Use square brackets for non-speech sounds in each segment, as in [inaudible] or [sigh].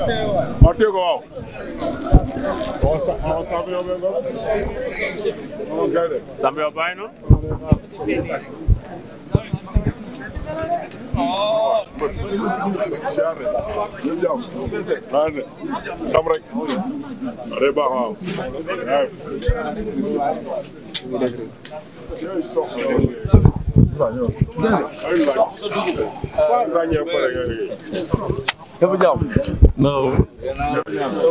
waaw téye ko waaw. waaw sax waaw sax yow benn bopp. waaw kay de. Samb yow bàyyi na. tam rek. waaw day baax waaw. waaw. Yëpp jàmm non xaaral ma tungom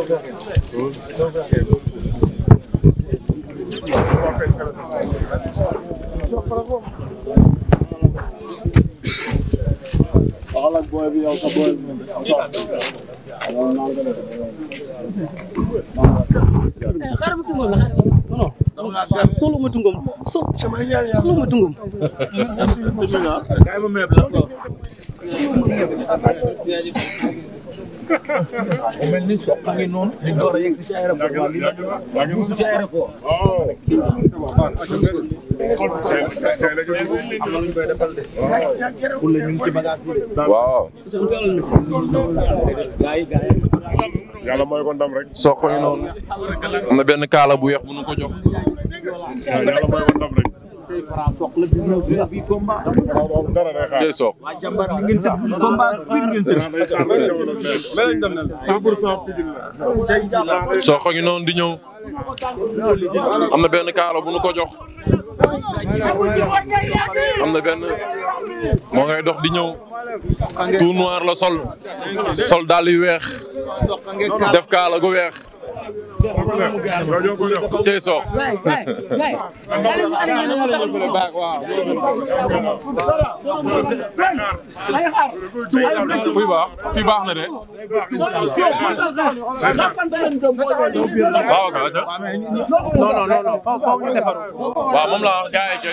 la xaaral soxla ma tungom soxla ma tungom soxla ma tungom mu mel ni soq a ngi noonu di door a yegg waaw yàlla mooy ko rek soq a ngi noonu am na benn kaala bu weex bu nu ko jox mooy ko rek tey soog. waa noonu di ñëw am na benn kaalo bu nu ko jox am na benn moo ngay dox di ñëw tout noir la sol sol dàll yu weex def kaala gu weex. tey soog. fii baax fii baax na de. waaw kay. non non non foofu ñu defaru. waaw moom la gars yi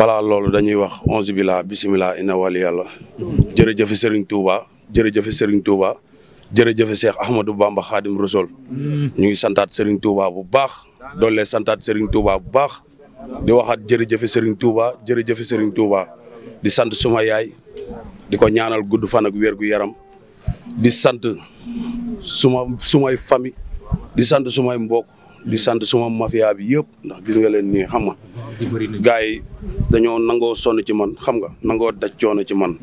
balaa loolu dañuy wax onze bila bisimilah inna wali yàlla jërëjëfe Serigne Touba jërëjëfe Serigne Touba jërëjëfe Cheikh Ahmadou Bamba Khadim Rasoul ñu ngi santaat Serigne Touba bu baax doole santaat Serigne Touba bu baax di waxaat jërëjëfe Serigne Touba jërëjëfe Serigne Touba di sant suma yaay di ko ñaanal gudd fan ak wér gu yaram di sant suma sumay famille di sant sumay mbok di sant suma mafia bi yëpp ndax gis nga leen nii xam nga gars yi dañoo nangoo sonn ci man xam nga nangoo daj coono ci man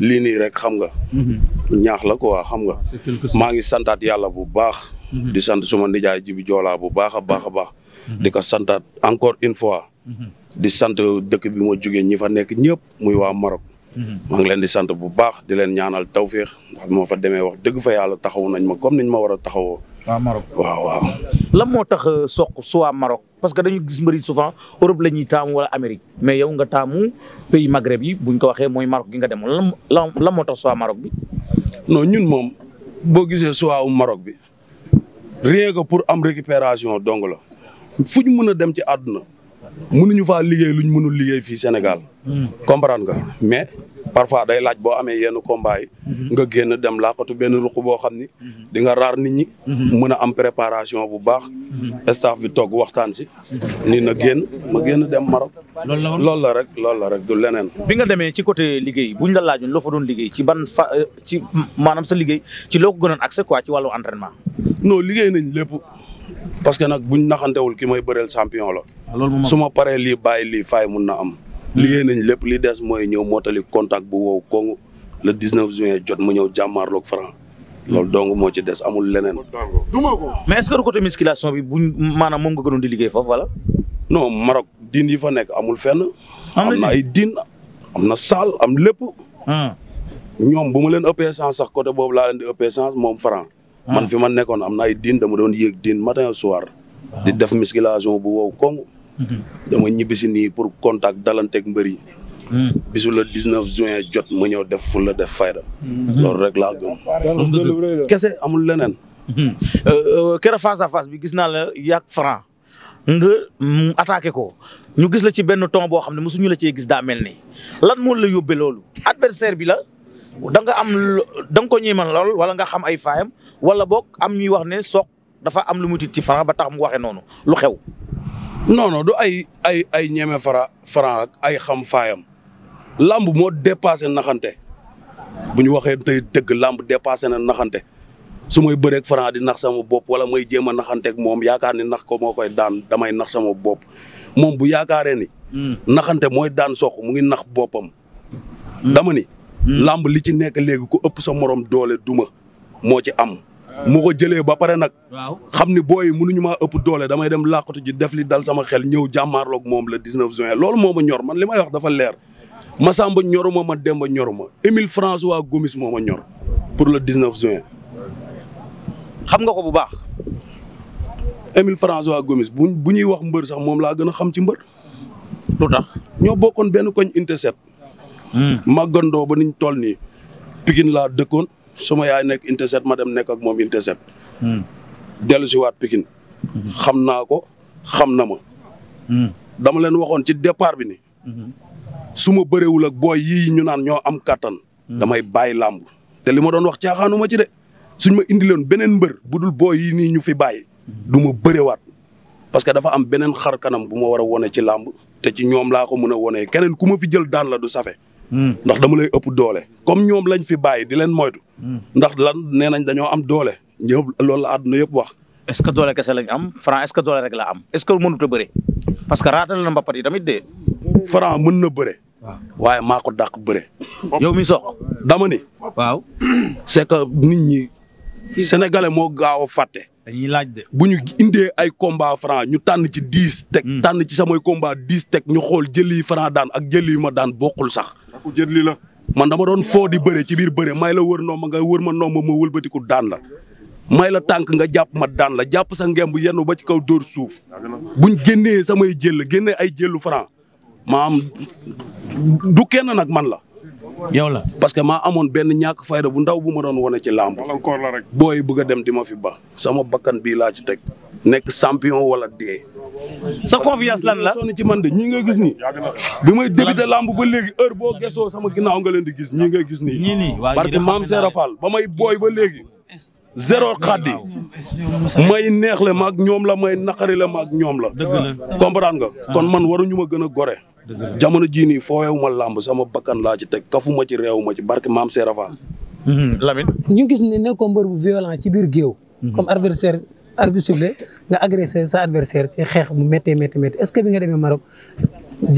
lii nii rek xam nga mhm. ñaax la quoi xam nga maa ngi santaat yàlla bu baax mhm. di sant suma nijaay jibi joola bu baax a baax a baax mhm. di ko santaat encore une fois di sant dëkk bi ma jógee ñi fa nekk ñëpp muy waa Maroc maa ngi leen di sant bu baax di leen ñaanal tawféex ndax bi ma fa demee wax dëgg fa yàlla taxaw nañ ma comme niñ ma war a taxawoo waaw waaw lan moo tax euh, Sokh soit Maroc parce que dañu gis mbari souvent Europe la ñuy taamu wala Amérique mais yow nga taamu pays Maghreb yi buñ ko waxee mooy Maroc gi nga demoon lan lan moo tax soit Maroc bi. non ñun moom boo gisee soit wu bi rien ko pour am récupération dong la fu ñu mën a dem ci àdduna ñu faa liggéey luñ mënul liggéey fii Sénégal. comprendre ga mais parfois day laaj boo amee yenn combat yi. nga génn dem laqatu benn ruq boo xam ni. di nga raar ni ñi. mun a am préparation bu baax. staff bi toog waxtaan si. ni na génn ma génn dem Maroc. loolu la loolu la rek loolu la rek du leneen. bi nga demee ci côté liggéey bu buñ la laajoon loo fa doon liggéey ci ban fa ci maanaam sa liggéey ci loo ko gënoon accès quoi ci wàllu entraînement. non liggéey nañ lépp. parce que nag buñ naxantewul ki may bëreel champion la. Ah, su ma paree lii bàyyi lii fay mun na am. Hmm. liggéey nañ lépp li des mooy ñëw mottali contact bu wow koŋŋ le 19 juin jot mu ñëw jàmmaarloog fara hmm. loolu dong moo ci des amul leneen. mais est-ce que du côté misculation bi buñ maanaam moom nga gënoon di liggéey foofu wala. non Maroc diin yi fa nekk amul fenn. am na ay diin am na saal am lépp. Hmm. ñoom bu ma leen ëppee sens sax côté boobu laa leen di ëppee sens moom Franc. man fi ma nekkoon am na ay diin dama doon yéeg diin matin au soir. di def musculation bu wow koŋ. Mhm. dama ñibbisi nii pour contact dalanteeg mbër yi. Hmm. bisu le 19 juin jot ma ñëw def fu la def fayda. Mhm. loolu rek laa gëm. kese amul leneen. Hmm. Euh, euh, keroog face à face bi gis naa la yak franc nga attaqué ko ñu gis la ci benn ton boo xam ne mosuñu la cee gis daa mel ni lan moo la yóbbee loolu. adversaire bi la da am da nga ko ñeemal lool wala nga xam ay faayam wala boog am ñuy wax ne Sokh dafa am lu mu tiit ci Franc ba tax mu waxee noonu lu xew. non du ay ay ay ñeme Franc Franc ay xam faayam lamb moo dépassé naxante bu ñu waxee tey dëgg lamb dépassé na naxante su may bëreeg Franc di nax sama bopp wala may jéem a naxanteeg moom yaakaar ni nax ko moo koy daan damay nax sama bopp moom bu yaakaaree ni. Hmm. naxante mooy daan Sokh mu ngi nax boppam. Hmm. dama ni. Hmm. lamb li ci nekk léegi ku ëpp sa morom doole duma moo ci am. mu ko jëlee ba pare nag. xam ni booy yi ñu maa ëpp doole damay dem làqatu ji def li dal sama xel ñëw jàmmaarloog moom la 19 juin loolu moo ma ñor man li may wax dafa leer. Masamba ñoruma ma Demba ñoruma Émile François Gomis moo ma ñor pour le 19 juin. xam nga ko bu baax. Émile François Gomis bu bu ñuy wax mbër sax moom laa gën a xam ci mbër. lu tax ñoo bokkoon benn koñ Intercept. Hmm. màggandoo ba niñ tol nii. Pikine laa dëkkoon. suma yaay nekk intercept ma dem nekk ak moom intercept. Hmm. dellu si waat Pikine. Hmm. xam naa ko xam na ma. Hmm. dama leen waxoon ci départ bi ni. su ma bëreewul ak booy yii ñu naan ñoo am kattan. damay bàyyi làmb te li ma doon wax caaxaanuma ci de suñ ma indi leen beneen mbër bu dul booy yii nii ñu fi bàyyi. du ma bërewaat parce que dafa am beneen xar kanam bu ma war a wone ci làmb te ci ñoom laa ko mën a wone keneen ku ma fi jël daan la du safe. ndax dama lay ëpp doole comme ñoom lañ fi bàyyi di leen moytu. ndax lan nee nañ dañoo am doole ñëpp loolu la àdduna yëpp wax. est ce que doole kese lañ am Franc est ce que doole rek la am est ce que mënut a bëre parce que raatal na mbapat yi tamit de. Franc mën na bëre. waaye maako ko dàq bëre. yow mi sox dama ni. waaw. [clears throat] c'est que nit ñi. sénégalais moo gaaw a fàtte. dañuy laaj de bu ñu indee ay combat Franc ñu tànn ci dix. teg hmm. tànn ci samay combat dix teg ñu xool jëli Franc daan ak jëli ma daan bokkul sax. ku jël li la. man dama doon foo di bëre ci biir bëre may la wër ndomba nga wër ma ndomba ma wëlbatiku daan la may la tànk nga jàpp ma daan la jàpp sa ngemb yenn ba ci kaw dóor suuf buñ génnee samay jël génne ay jëllu franc maam du kenn nag man la. yow la parce que maa amoon benn ñàkk fayda bu ndaw bu ma doon wane ci làmb booy bëgg a dem di ma fi ba sama bakkan bii laa ci teg nekk champion wala dee. sa confiance lan la sonn ci man de ñii ngay gis ni bi may débuté lamb ba léegi heure boo gesoo sama ginnaaw nga leen di gis ñii ngay gis ni parce maam Seera Fall ba may booy ba léegi zéro xaddi may neex la maag ñoom la may naqari la maag ñoom la comprendre nga ah. kon man waruñu ma gën a gore jamono jii nii fooweewu ma làmb sama bakkan laaj teg kafuma ci réew ma ci barke maam Seera Fall mhm, ñu gis ni ne nekkoo mbër bu violent ci biir géew mhm. adversaire arbitre sifflé nga agressé sa adversaire ci xeex bu méttee méttee méttee est-ce que bi nga demee Maroc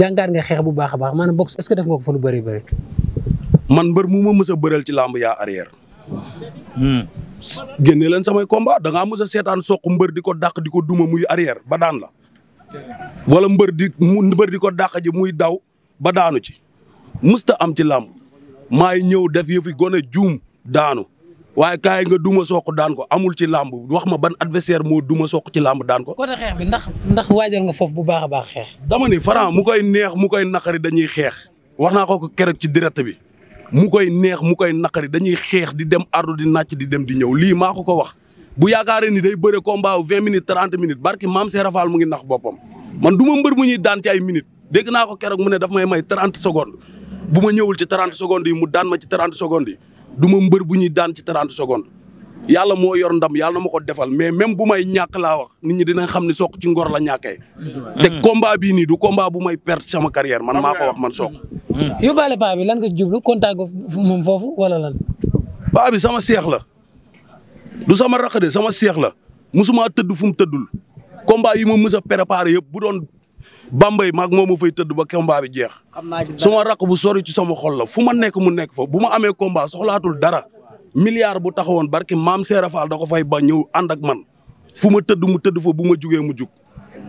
jàngaar nga xeex bu baax a baax maanaam boxe est-ce que def nga ko fa lu man mbër mu ma mës a ci làmb yaa arrière. Hmm. génne leen samay combat da ngaa mës a seetaan soq mbër di ko dàq di ko duma muy arrière ba daan la. wala mbër di mu mbër di ko dàq ji muy daw ba daanu ci. mësta am ci làmb maay ñëw def yëfi gone juum daanu. waaye kaay nga duma soq daan ko amul ci làmb wax ma ban adversaire moo duma soq ci làmb daan ko. côté xeex bi ndax ndax waajal nga foofu bu baax a baax xeex. dama ni mu koy neex mu koy naqari dañuy xeex wax naa ko keroog ci direct bi mu koy neex mu koy naqari dañuy xeex di dem ardu di nàcc di dem di ñëw li maa ko ko wax. bu yaakaaree ni day bëre combat wu vingt minutes trente minutes barki maam Serafal mu ngi nax boppam man du ma mbër mu ñuy daan ci ay minutes dégg naa ko keroog mu ne daf may may trente secondes bu ma ñëwul ci trente secondes yi mu daan ma ci trente secondes du ma mbër bu ñuy daan ci 30 secondes yàlla moo yor ndam yàlla ma ko defal mais même bu may ñàkk laa wax nit ñi dinañ xam ne Sokh ci ngor la ñàkkee. te mm-hmm. combat bii nii du combat bu may perte sama carrière man maa wax man Sokh. Mm-hmm. yóbbaale paa bi lan nga jublu contact moom foofu wala lan. paa sama seex la du sama raq de sama seex la musuma tëdd fu mu tëddul combat yi ma mës a yëpp bu doon. Bambey maag moom ma fay tëdd ba combat bi jeex. suma rakk bu sori ci sama xol la fu ma nekk mu nekk fa bu ma amee combat soxlaatul dara. milliard bu taxawoon barki maam Seera Fall da ko fay ba ñëw ànd man fu ma tëdd mu tëdd fa bu ma jugee mu jug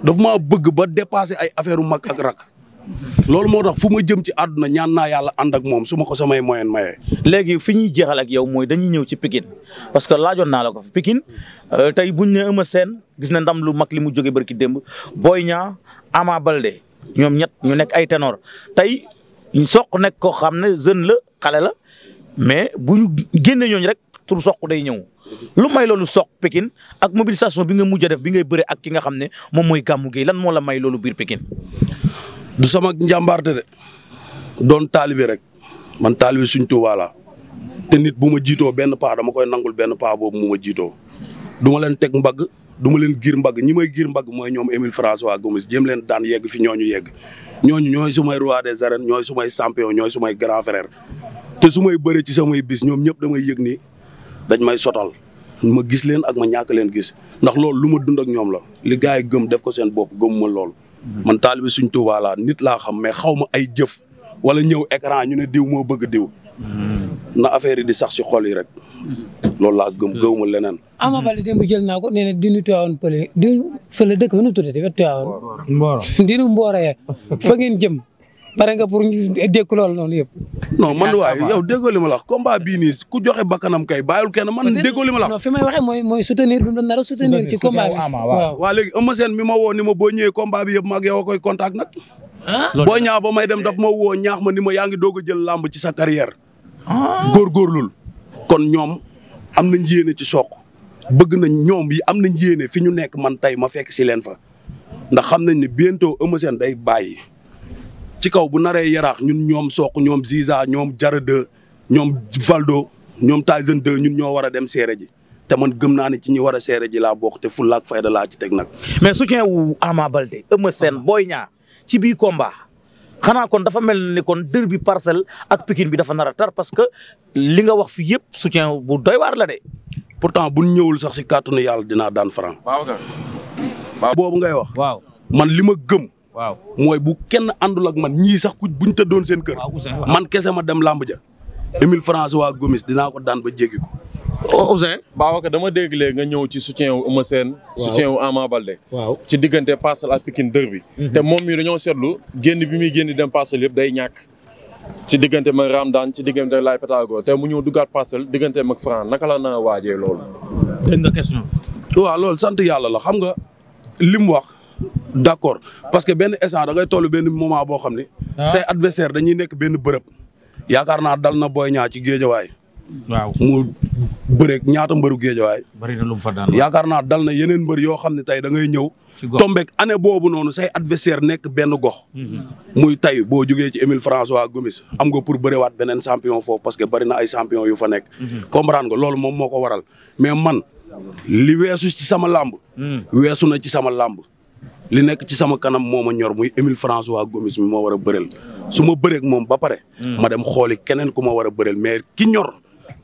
daf maa bëgg ba dépassé ay affaire mag ak rakk. loolu moo tax fu ma jëm ci àdduna ñaan naa yàlla ànd ak moom su ma ko samay moyen mayee. léegi fi ñuy jeexal ak yow mooy dañuy ñëw ci Pikine parce que laajoon naa la ko fi euh, tey buñ ne Eumeu Sène gis na ndam lu mag li mu jógee barki démb Boy Niang Ama Balde ñoom ñett ñu nekk ay ténor tey soq nekk koo xam ne jeune la xale la mais bu ñu génne ñooñu rek tur soq day ñëw. lu may loolu soq Pekin ak mobil mobilisation bi nga mujj def bi ngay bëre ak ki nga xam ne moom mooy Gamou Gueye lan moo la may loolu biir Pekin. du sama njàmbaarte de doon taalibe rek man taalibe suñ Tuubaa te nit bu ma jiitoo benn paa dama koy nangul benn paa boobu mu ma jiitoo du ma leen teg mbag du ma leen giir mbag ñi may giir mbag mooy ñoom Émile François Gomis jëm leen daan yegg fi ñooñu yegg ñooñu ñooy sumay roi des arènes ñooy sumay champion ñooy sumay grand frère te su may bëree ci samay bis ñoom ñëpp damay yëg ni dañ may sotal ma gis leen ak ma ñàkk leen gis ndax loolu lu ma dund ak ñoom la li yi gëm def ko seen bopp gëm ma loolu man taalibe suñ Tuubaa nit laa xam mais xaw ma ay jëf wala ñëw écran ñu ne diw moo bëgg diw hmm. na affaire yi di sax si xol yi rek loolu laa gëm hmm. gëwuma leneen. Ama hmm. Baldé démb jël naa ko nee na dinu Tiwaawan pële dinu fële dëkk ba nu tuddati wet Tiwaawan. Mboro [laughs] dinu Mboro ya fa ngeen jëm. pare nga pour ñu dékku loolu noonu yëpp. non man waaye yow déggoo li ma la wax combat bii nii ku joxe bakkanam kay bàyyul kenn man déggoo li ma la wax. fi may waxee mooy mooy soutenir bi mu nar a soutenir ci combat bi waaw. waaw léegi Eumeu mi ma woo ni ma boo ñëwee combat bi yëpp ma ak yow a koy contact nag. Ah? boo ba may dem daf ma woo ñaax ma ni ma yaa ngi doog a jël làmb ci sa carrière. Ah. góorgóorlul. kon ñoom am nañ yéene ci Sokh bëgg nañ ñoom yi am nañ yéene fi ñu nekk man tey ma fekk si leen fa ndax xam nañ ne bientôt Eumeu Sène day bàyyi ci kaw bu naree yaraax ñun ñoom Sokh ñoom Ziza ñoom Jara 2 ñoom Valdo ñoom Tyson 2 ñun ñoo war a dem seere ji te man gëm naa ne ci ñu war a seere ji laa bokk te fulla ak fayda la ci teg nag. mais soutien wu Ama Baldé Eumeu Sène Boy Niang ci biir combat. xanaa kon dafa mel ni kon dër bi parcelle ak pikin bi dafa nar a tar parce que li nga wax fi yëpp soutien bu doy waar la de. pourtant bu ñëwul sax si kàttanu yàlla dinaa daan franc. waaw boobu ngay wax. waaw man li ma gëm. waaw mooy bu kenn àndul ak man ñii sax ku buñ doon seen kër. man kese ma dem làmb ja. Émile waa Gomis dinaa ko daan ba jéggi ko. Ouzin. ka dama dégg nga ñëw ci soutien wu Eumeu Sène. waaw soutien wu Ama Baldé. waaw ci diggante Parcelles ak Pikine derby bi. Mhm. te moom mii dañoo seetlu génn bi muy génn dem Parcelles yëpp day ñàkk. ci diggante mag Ramdan ci diggante Laye Patago te mu ñëw duggaat Parcelles diggante mag Franc naka la na waajee loolu. dégg nga question. sant yàlla la xam nga li mu wax d' accord parce que benn instant da ngay toll benn moment boo xam ne. Ah. say adversaire dañuy nekk benn bërëb. yaakaar naa dal na Boy Niang ci géejawaay waaw mu bëreeg ñaata mbëru géejawaay. bëri na lu fa daan yaakaar naa dal na yeneen mbër yoo xam ne tey da ñëw. ci gox tombeeg année boobu noonu say adversaire nekk benn gox. Mhm. muy tey boo jógee ci Émile François Gomis. am nga pour bëriwaat beneen champion foofu parce que bëri na ay champion yu fa nekk. Mhm. comprendre nga loolu moom moo ko waral mais man li weesu ci sama làmb. Mhm. weesu na ci sama làmb. li nekk ci sama kanam moom ma ñor muy france waa Gomis mi moo war a bëreel su ma bëreeg moom ba pare. ma dem xooli keneen ku ma war a bëreel mais ki ñor.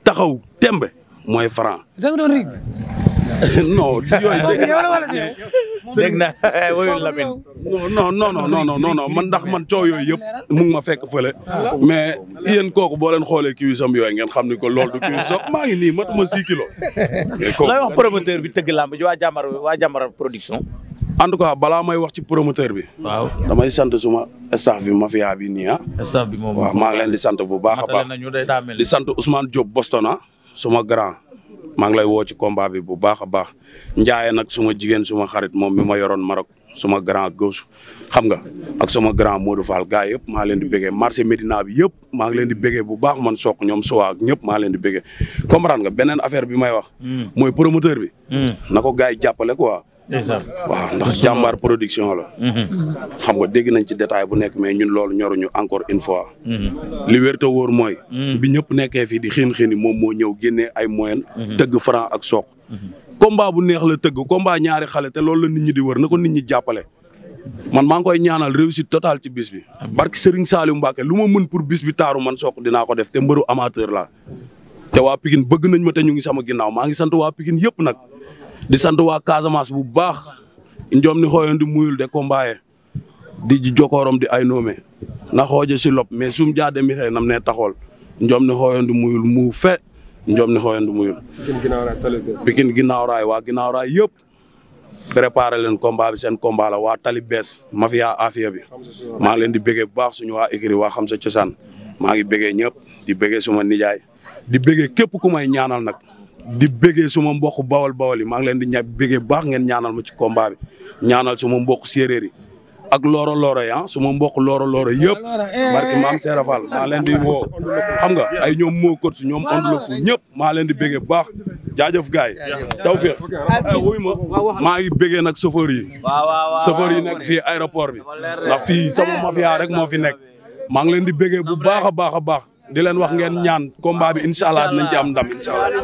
taxaw tembe mooy Franc. da nga doon rig. [laughs] non yooyu [laughs] dégg naa dégg naa woyul Lamine. non non non non man ndax man coow yooyu yëpp mu ngi ma fekk fële. mais yéen kooku boo leen xoolee cuisam yooyu ngeen xam ni ko loolu du cuis soog maa ngi nii matuma six kilos. [laughs] looy promoteur bi tëgg làmb ji waa jàmbar waa jàmbar production. en tout cas balaa may wax ci promoteur bi. waaw damay sant suma staff bi mafia bi nii ah. staff bi moom waaw maa ngi leen di sant bu baax a baax di sant Ousmane Diop Boston ah suma grand. maa ngi lay woo ci combat bi bu baax a baax njaaye nag suma jigéen suma xarit moom mi ma yoroon Maroc suma grand gauche xam nga ak suma grand Modou Fall gars yëpp maa leen di bëggee marché Médina bi yëpp maa ngi leen di bëggee bu baax man sook ñoom suwa ak ñëpp maa leen di bëggee comprendre ga beneen affaire bi may wax. Hmm. mooy promoteur bi. Hmm. na yi jàppale quoi. waaw ndax jàmbaar production la. Mhm. xam nga dégg nañ ci detaay bu nekk mais ñun loolu ñoruñu encore une fois. Mhm. li wér mooy. Mhm. bi ñëpp nekkee fii di xiin xiin moom moo ñëw génnee ay moyen tëgg franc ak soq. combat bu neex la tëgg combat ñaari xale te loolu la nit ñi di wër na ko nit ñi jàppale. man maa ngi koy ñaanal réussite total ci bis bi. barki Serigne Saliou Mbacke lu ma mën pour bis bi taaru man soq dinaa ko def te mbëru amateur la te waa Pikine bëgg nañ ma te ñu ngi sama ginnaaw maa ngi sant waa Pikine yëpp nag. di sant waa Casamance bu baax ñoom ni xooyoon di muyul de combat di jokoorom di ay noome na xooje si lop mais sum jaade mi nam ne taxool ñoom ni xooyoon di muyul mu fe ñoom ni xooyoon di muyul Pikine ginnaaw raay waa ginnaaw yëpp préparé leen combat seen combat la waa tali bees mafia afia bi maa ngi leen di bëggee bu baax suñu waa écrit waa xam sa cosaan maa ngi bëggee ñëpp di bëggee suma nijaay di bëggee képp ku may ñaanal nag di bëggee suma mbokk bawal bawal yi maa ngi leen di ña bëggee baax ngeen ñaanal ma ci combat bi ñaanal suma mboku séeréer yi ak looro looro yi ah, suma mbokk looro looro yëpp eh, barki maam Seera Fall maa leen di woo xam nga ay ñoom moo kot ñoom ond fu ñëpp maa leen di bëggee baax jaajëf gaay tawfeex wuy ma maa ngi bëggee nag chauffeur yi chauffeur yi nekk fii aéroport bi ndax fii sama eh, mafia rek moo fi nekk maa ngi leen di bëggee bu baax a baax a baax di leen wax ngeen ñaan combat bi incha allah dinañ ci am ndam incha allah.